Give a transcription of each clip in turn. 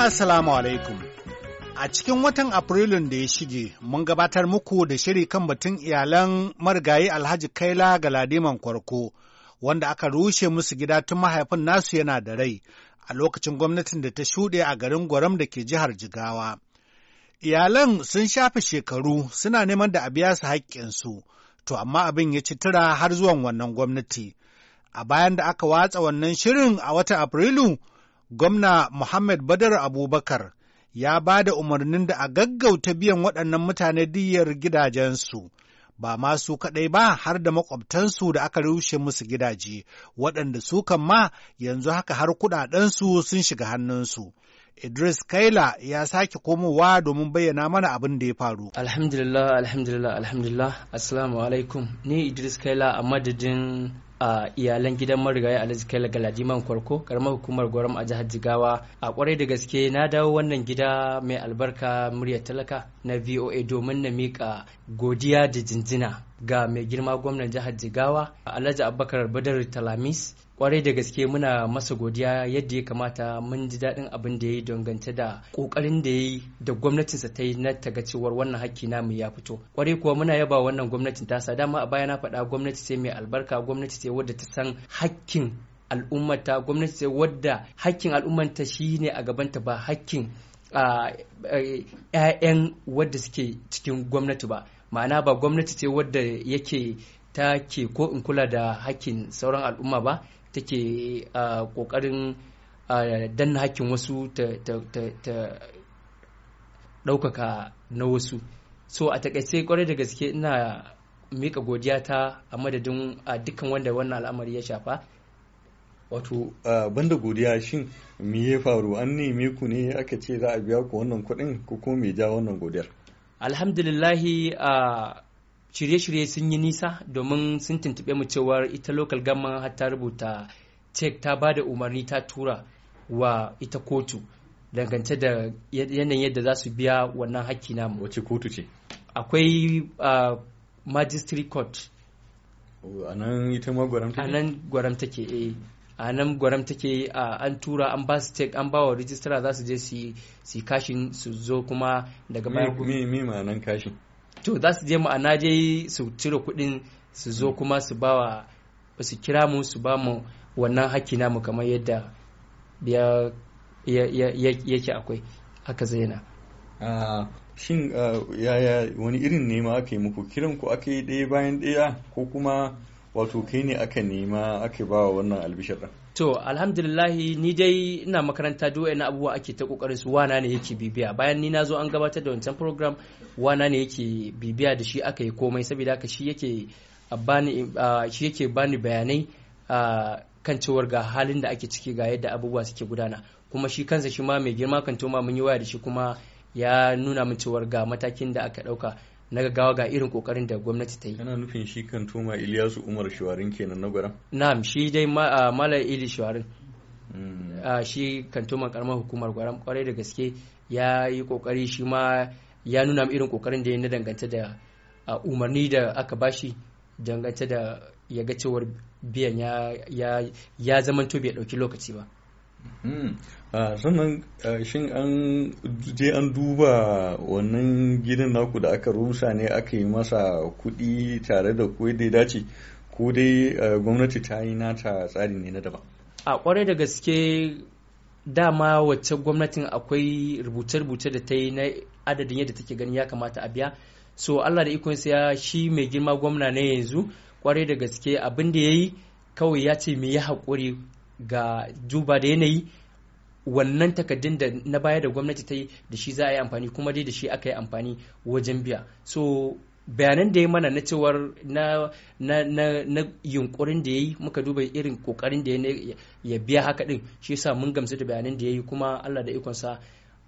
Assalamu alaikum. A cikin watan Afrilun da ya shige, mun gabatar muku da shiri kan batun iyalan marigayi Alhaji Kaila ga Galadiman Kwarko, wanda aka rushe musu gida tun mahaifin nasu yana da rai a lokacin gwamnatin da ta shuɗe a garin Gwaram da ke jihar Jigawa. Iyalan sun shafe shekaru suna neman da a biya su haƙƙinsu, to amma abin ya ci tura har zuwan wannan gwamnati. A bayan da aka watsa wannan shirin a watan Afrilu, gwamna Muhammad Badar Abubakar ya ba da umarnin da a gaggauta biyan waɗannan mutane diyar gidajensu. Ba masu kaɗai ba har da maƙwabtansu da aka rushe musu gidaje, waɗanda su kan ma yanzu haka har kuɗaɗensu sun shiga hannunsu. Idris Kaila ya sake komowa domin bayyana mana abin da ya faru. Alhamdulillah, alhamdulillah, alhamdulillah, Assalamu alaikum. Ni Idris Kaila a madadin a iyalan gidan marigayi alhaji kaila galadiman kwarko karamar hukumar gwaram a jihar jigawa a kwarai da gaske na dawo wannan gida mai albarka muryar talaka na voa domin na miƙa godiya da jinjina ga mai girma gwamnan jihar jigawa alhaji abubakar badar talamis kwarai da gaske muna masa godiya yadda ya kamata mun ji daɗin abin da ya yi dangance da ƙoƙarin da ya yi da gwamnatinsa ta yi na taga cewar wannan hakki namu ya fito kwarai kuwa muna yaba wannan gwamnatin ta dama a baya na faɗa gwamnati ce mai albarka gwamnati ce wadda ta san hakkin al'ummata gwamnati ce wadda hakkin al'ummata shi ne a gabanta ba hakkin 'ya'yan wadda suke cikin gwamnati ba ma'ana ba gwamnati ce wadda yake ta ke ko in kula da hakkin sauran al'umma ba ta take kokarin danna hakkin wasu ta ɗaukaka na wasu so a takaice kwarai da gaske ina mika godiya ta a madadin dukkan wanda wannan al'amari ya shafa wato banda godiya shin me ya faru an nemi ku ne aka ce za a biya ku wannan kuɗin ko me ja wannan godiyar alhamdulillahi a shirye-shirye sun yi nisa domin sun tuntuɓe mu cewar ita local government har rubuta cek ta ba da umarni ta tura wa ita kotu dangance da yanayin yadda za su biya wannan haƙƙi namu wace kotu ce akwai magistrate court a nan ita ma gwaram take eh. a nan gwaram take an tura an ba su an ba wa rijistara za su je su yi kashin su zo kuma daga bayan mi ma'anan kashin to za su je ma'ana je su cire kuɗin su zo hmm. kuma su ba wa su kira mu su ba mu wannan hakki namu kamar yadda ya yake akwai aka zaina shin yaya wani irin nema aka yi muku kiran ku aka yi ɗaya bayan ɗaya ko kuma wato ke ne aka nema aka ba wa wannan albishir din to alhamdulillahi ni dai ina makaranta duk wani abubuwa ake ta kokarin su wana ne yake bibiya bayan ni na zo an gabatar da wancan program wana ne yake bibiya da shi aka yi komai saboda haka shi yake bani shi yake bani bayanai kan cewar ga halin da ake ciki ga yadda abubuwa suke gudana kuma shi kansa shi ma mai girma kan ma mun yi waya da shi kuma ya nuna min cewar ga matakin da aka ɗauka na gaggawa ga irin kokarin da gwamnati ta yi kana nufin shi kan tuma Iliyasu Umar Shuwarin kenan na gwara na'am shi dai ah, Malam Ili Shuwarin hmm. ah, shi kan tuma karamar hukumar gwaram kwarai da gaske ya yi kokari shi ma ya nuna irin kokarin da ya na dangance da ah, umarni da aka bashi dangance da ya ga cewar biyan ya zamanto bai dauki lokaci ba Hmm. sannan shin an je an duba wannan gidan naku da aka rusa ne aka yi masa kudi tare da kuwa da ya dace ko dai gwamnati ta yi nata tsari ne na daban a kwarai da gaske dama wacce gwamnatin akwai rubuce-rubuce da ta yi na adadin yadda take gani ya kamata a biya so allah da ikon ya shi mai girma gwamna ne yanzu kwarai da gaske abin da ya yi kawai ya ce me ya haƙuri ga duba da yanayi wannan takaddun da na baya da gwamnati ta yi da shi za a yi amfani kuma dai da shi aka yi amfani wajen biya so bayanan da ya mana na cewar na yunkurin da ya yi muka duba irin kokarin da ya biya haka din shi yasa mun gamsu da bayanan da ya yi kuma allah da ikonsa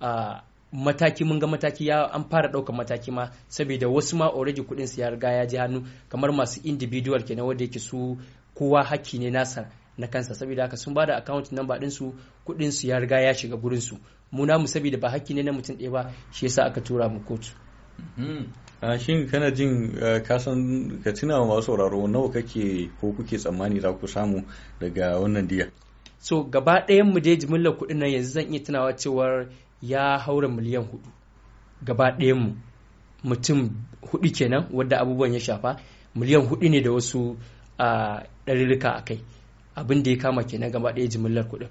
a mataki mun ga mataki ya an fara ɗaukar mataki ma saboda wasu ma already kuɗin su ya riga ya ji hannu kamar masu individual kenan wanda yake su kowa hakki ne nasa na kansa saboda haka sun bada account number din su kudin su ya riga ya shiga gurin su mu namu saboda ba hakki ne na mutum ɗaya ba shi yasa aka tura mu kotu hmm. a shin kana jin ka san ka tuna wa masu sauraro nawa kake ko kuke tsammani za ku samu daga wannan diya so gaba ɗayan mu jimillar kuɗin nan yanzu zan iya tunawa cewar ya haura miliyan hudu gaba ɗayan mu mutum hudu kenan wadda abubuwan ya shafa miliyan hudu ne da wasu ɗarirrika a kai abin da ya kama kenan gaba ɗaya jimillar kuɗin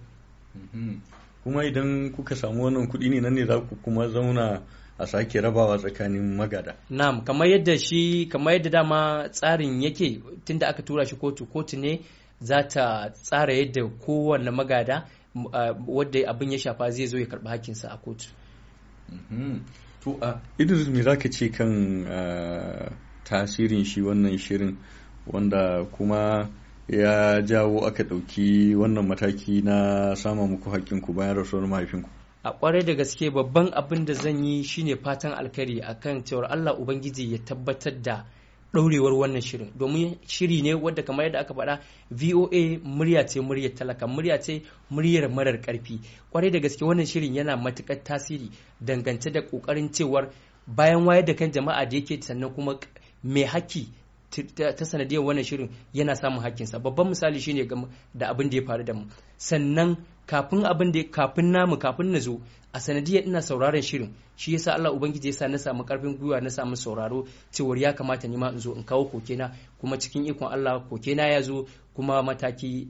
mhm. kuma idan kuka samu wannan kuɗi ne nan ne za ku kuma zauna a sake rabawa tsakanin magada na'am kamar yadda shi kamar yadda dama tsarin yake tunda aka tura shi kotu kotu ne za ta tsara yadda kowanne magada wadda abin ya shafa zai zo ya karɓi hakinsa a kotu mhm. to a idris me za ka ce kan tasirin shi wannan shirin wanda kuma ya jawo aka ɗauki wannan mataki na sama muku hakkinku bayan rasuwar mahaifinku a kwarai da gaske babban abin da zan yi shine fatan a kan cewar Allah ubangiji ya tabbatar da ɗaurewar wannan shirin domin shiri ne wadda kamar yadda aka faɗa voa murya ce muryar talaka murya ce muryar marar ƙarfi kwarai da gaske wannan shirin yana matuƙar tasiri dangance da ƙoƙarin cewar bayan wayar da kan jama'a da yake sannan kuma mai haki ta sanadiyar wannan shirin yana samun hakkinsa babban misali shine da abin da ya faru da mu sannan kafin abin da kafin namu kafin na zo a sanadiyar ina sauraron shirin shi yasa Allah ubangiji ya sa na samu karfin gwiwa na samu sauraro cewar ya kamata ni ma in zo in kawo kokena kuma cikin ikon Allah kokena ya zo kuma mataki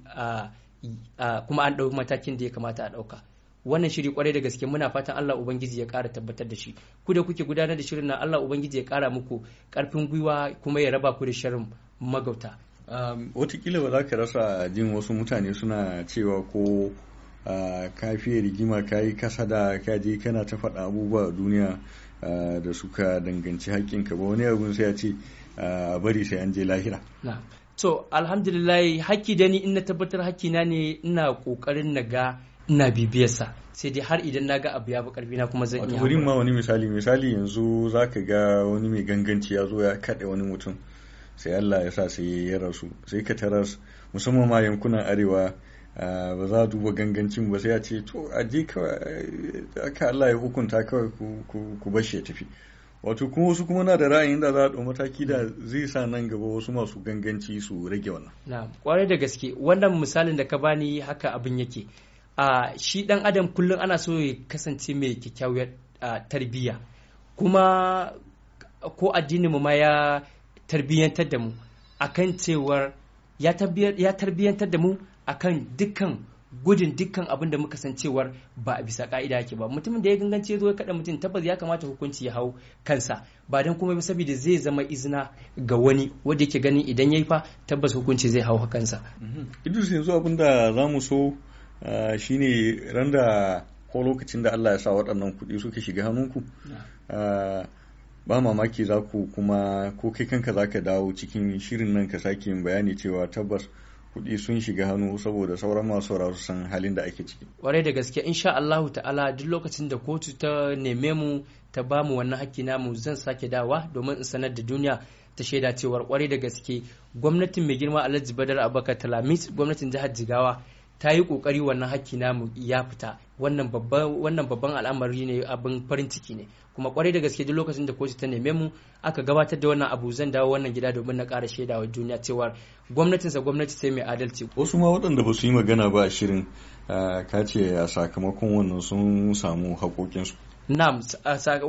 a kuma an ɗauki matakin da ya kamata a ɗauka wannan shiri kwarai da gaske muna fatan Allah ubangiji ya kara tabbatar da shi ku da kuke gudanar da shirin nan Allah ubangiji ya kara muku karfin gwiwa kuma ya raba ku da shirin magauta um, watakila ba za ka rasa jin wasu mutane suna cewa ko uh, ka fiye rigima ka yi kasa da ka je kana ta faɗa abubuwa duniya uh, da suka danganci haƙƙinka ba wani abun sai ya ce uh, a bari sai an je lahira to alhamdulillah haƙƙi da ni in na tabbatar haƙƙina ne ina ƙoƙarin na ga ina bibiyarsa sai dai har idan ga abu ya fi karfi na kuma zan iya wurin ma wani misali misali yanzu zaka ga wani mai ganganci ya zo ya kaɗe wani mutum sai Allah ya sa sai ya rasu sai ka taras musamman ma yankunan arewa ba za a duba gangancin ba sai a ce to a je ka Allah ya hukunta kawai ku bashi ya tafi wato kuma wasu kuma na da ra'ayin da za a mataki da zai sa nan gaba wasu masu ganganci su rage wannan na kwarai da gaske wannan misalin da ka bani haka abin yake a shi dan adam kullum ana so ya kasance mai kyakkyawar tarbiyya kuma ko addinin mu ma ya tarbiyyantar da mu akan cewar ya tarbiyyantar da mu akan dukkan gudun dukkan abin da muka san cewar ba a bisa ka'ida yake ba mutumin da ya gangance zo ya kada mutum tabbas ya kamata hukunci ya hau kansa ba dan kuma saboda zai zama izina ga wani wanda yake ganin idan yayi fa tabbas hukunci zai hau kansa mhm. Idris yanzu abin da zamu so Ah, shine ran da ko lokacin da Allah ya sa waɗannan kuɗi suka shiga hannunku ah, ba mamaki za ku kuma ko kai kanka za ka dawo cikin shirin nan ka sake bayani cewa tabbas kuɗi sun shiga hannu saboda sauran masu sauraro san halin da ake ciki. Kwarai da gaske insha Allah ta'ala duk lokacin da kotu ta neme mu ta ba mu wannan haƙƙi mu zan sake dawa domin in sanar da duniya ta shaida cewar kwarai da gaske gwamnatin mai girma Alhaji Badar Abubakar Talamis gwamnatin jihar Jigawa ta yi kokari wannan hakki namu ya fita wannan babban al'amari ne abin farin ciki ne kuma kwarai da gaske duk lokacin da kotu ta neme mu aka gabatar da wannan abu zan dawo wannan gida domin na ƙara shaida wa duniya cewa gwamnatinsa gwamnati sai mai adalci wasu ma waɗanda ba su yi magana ba a shirin ka ce a sakamakon wannan sun samu haƙoƙinsu Nam,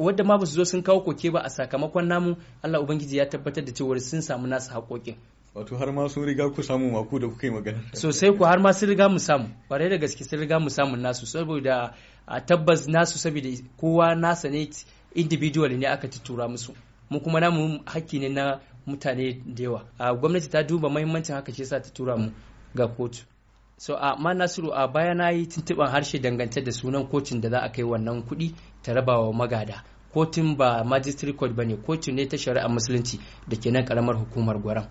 wadda ma ba su zo sun kawo koke ba a sakamakon namu Allah Ubangiji ya tabbatar da cewa sun samu nasu haƙoƙin. wato har ma sun riga ku samu maku da kuka yi magana sosai ku har ma sun riga mu samu kwarai da gaske sun riga mu samu nasu saboda a tabbas nasu saboda kowa nasa ne individual ne aka tura musu mu kuma namu hakki ne na mutane da yawa a gwamnati ta duba mahimmancin haka shi yasa ta tura mu ga kotu so a ma nasiru a baya na yi tuntuɓar harshe dangantar da sunan kotun da za a kai wannan kuɗi ta rabawa magada kotun ba magistrate court ba ne kotun ne ta shari'ar musulunci da ke nan karamar hukumar gwaram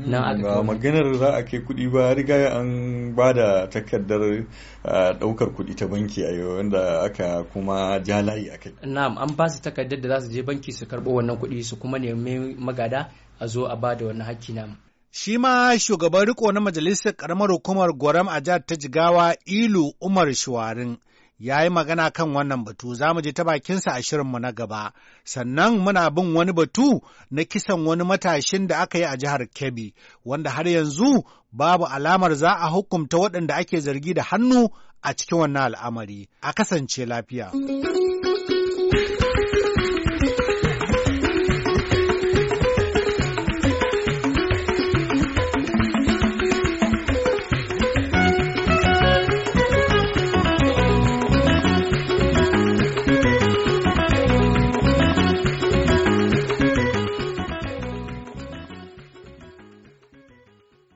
ba mhm. maganar za a kai kuɗi ba riga an ba da takardar ɗaukar kuɗi ta banki a yau wanda aka kuma ja layi a kai na'am an ba su takardar da za su je banki su karɓo wannan kuɗi su kuma nemi magada a zo a ba da wannan hakki na. Shi ma shugaban riko na majalisar karamar hukumar Gwaram a jihar ta Jigawa Ilu Umar Shuwarin ya yi magana kan wannan batu za mu je ta bakinsa a shirinmu na gaba sannan muna bin wani batu na kisan wani matashin da aka yi a jihar kebbi wanda har yanzu babu alamar za a hukumta waɗanda ake zargi da hannu a cikin wannan al'amari a kasance lafiya.